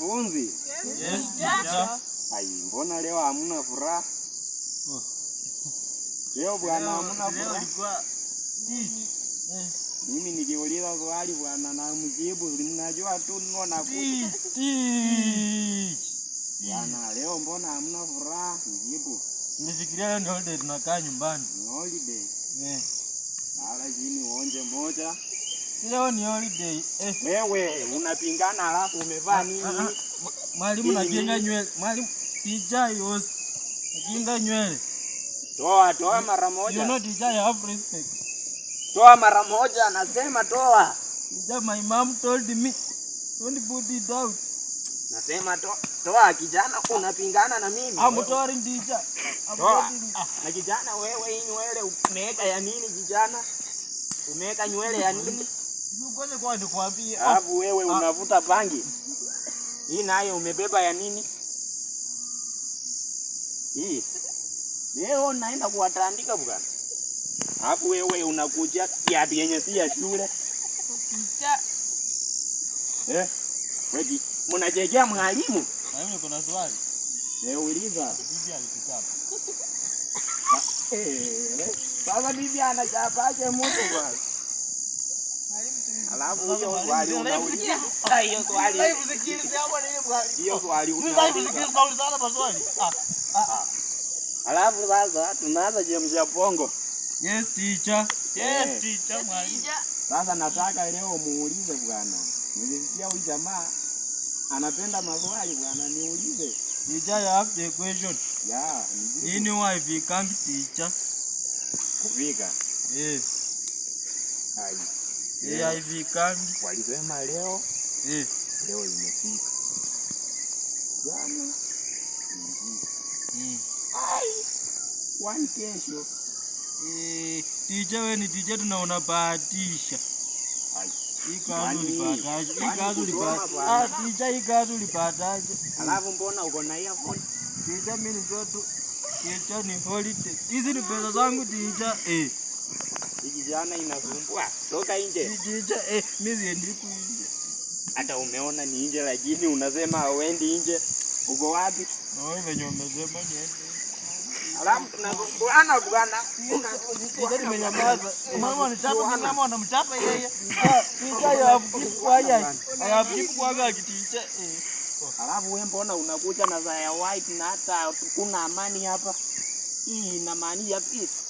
Wanafunzi? Yes. Yes. Ai, mbona leo hamna furaha? Oh. Leo bwana hamna furaha. Eh. Mimi nikiuliza swali bwana na mjibu, mnajua tu niko na kuti. Bwana leo mbona hamna furaha? Mjibu. Nifikiria leo ndio holiday tunakaa nyumbani. Ni holiday. Eh. Yeah. Nala chini uonje moja. Leo ni holiday. Eh. Wewe unapingana alafu umevaa nini? Ah, ah, ah. Mwalimu najenga nywele. Mwalimu DJ was najenga nywele. Toa, toa mara moja. You know DJ have respect. Toa mara moja, anasema toa. DJ my mom told me don't put it out. Nasema to, Toa kijana, unapingana na mimi. Ah, sorry DJ. Toa. Na kijana wewe, hii nywele umeweka ya nini kijana? Umeweka nywele ya nini? Ngoja Alafu wewe ah. unavuta bangi. Hii nayo umebeba ya nini? Hii. Leo naenda kuwatandika bwana. Alafu wewe unakuja kiatu yenye si ya shule. Kita. Eh? Wewe mnajegea mwalimu? Mimi kuna swali. Eh, uliza. Bibi alikuchapa. Eh, eh, eh. Sasa bibi anachapaje mtu bwana? Alafu ah, hiyo swali unauliza. Hiyo swali. Hebu sikilize hapo na ile swali. Hiyo swali. Mimi hebu sikilize kauli sana kwa ah, ah, ah. Alafu sasa tunaanza jemsha pongo. Yes teacher. Yes teacher mwalimu. Sasa nataka leo muulize bwana. Nilisikia huyu jamaa anapenda maswali bwana, niulize. Teacher, I have the question. Yeah. Nini wife can't teacher? Kuvika. Yes. Hai yeah. Haivikani walisema leo yeah. Leo imefika jana mm. kesho eh, tija we ni tija, tunaona bahatisha tija ikazi ulipataje? Alafu mbona uko na earphone? Tija mimi ndio tu tija ni holiday, hizi ni pesa zangu tija eh. Ikiziana inazumbua. Toka nje. Nje eh, mimi siendi nje. Hata umeona ni nje lakini unasema hauendi nje. Uko wapi? Wewe venye umesema niende. Alafu tunazumbuana bwana. Ndio nimenyamaza. Mama anataka mama anamtapa yeye. Mimi hayafuki kwa yeye. Hayafuki kwa gakiticha. Alafu wewe mbona unakuja na za white na hata kuna amani hapa? Hii inamaanisha peace.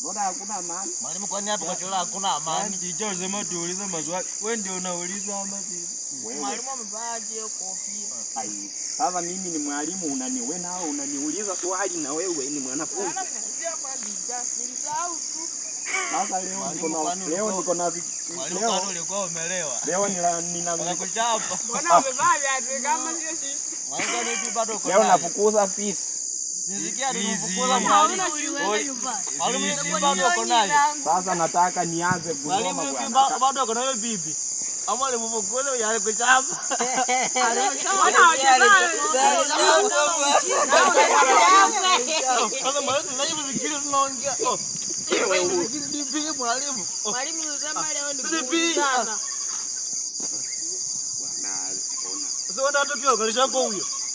Mbona hakuna amani? Mwalimu kwani hapo kwa chola hakuna amani? Jicho yaani sema tuulize maswali. Wewe ndio unauliza ama sisi? Mwalimu amevaaje kofia? Ai, sasa mimi ni mwalimu unani wewe nao unaniuliza swali na wewe ni mwanafunzi. Sasa leo niko na leo niko na leo kwani ulikuwa umelewa? Leo nina nina kuchapa. Mbona umevaa viatu kama sio sisi? Mwalimu bado uko. Leo nafukuza fees. Sasa nataka nianze mwalimu mwalimu. huyo.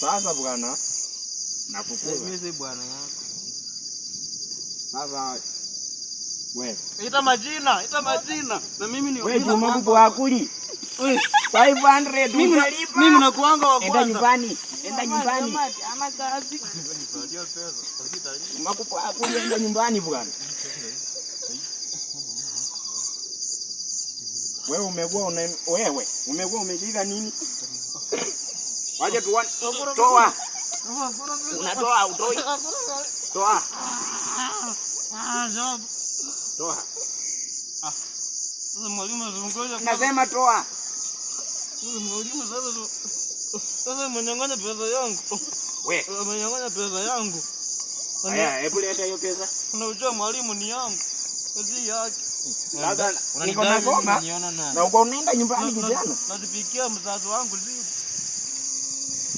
Sasa bwana, nakukuza bwana yako sasa. Wewe ita majina, ita majina na mimi ni wewe. Juma kubwa akuli 500 unalipa mimi nakuanga wa kwanza. Enda nyumbani, enda nyumbani, ama kazi Juma kubwa akuli, enda nyumbani bwana. Wewe umekuwa wewe umekuwa umejiza nini? Waje tuone. Toa. Unatoa utoi. Toa. Toa. Nasema toa. Mwalimu sasa sasa mnyang'anya pesa yangu. We. Mnyang'anya pesa yangu. Haya, hebu leta hiyo pesa. Unajua mwalimu ni yangu. Si yake. Sasa niko nasoma. Na uko unaenda nyumbani kijana. Najipikia mzazi wangu zii.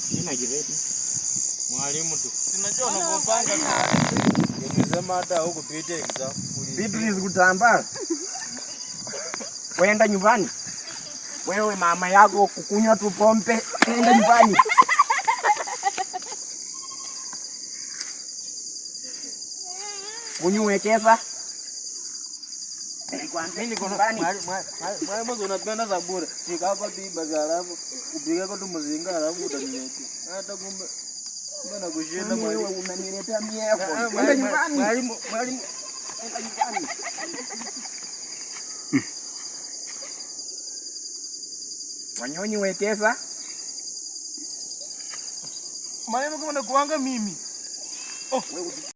Sina grade. Mwalimu tu. Sinajua unapopanga Nimesema hata hukupitia exam. Beatrice kutambaa. Wenda nyumbani. Wewe mama yako kukunywa tu pombe, enda nyumbani. Kunyuekeza nikwambie. Mimi niko na mara mwanzo unapenda za bure. Nikako tu basi halafu upige kwa tu mzinga halafu utaniletea. Hata kumbe mbona unaniletea mimi yako. Hmm. Wanyonyi wekeza maneno kama nakuanga mimi oh.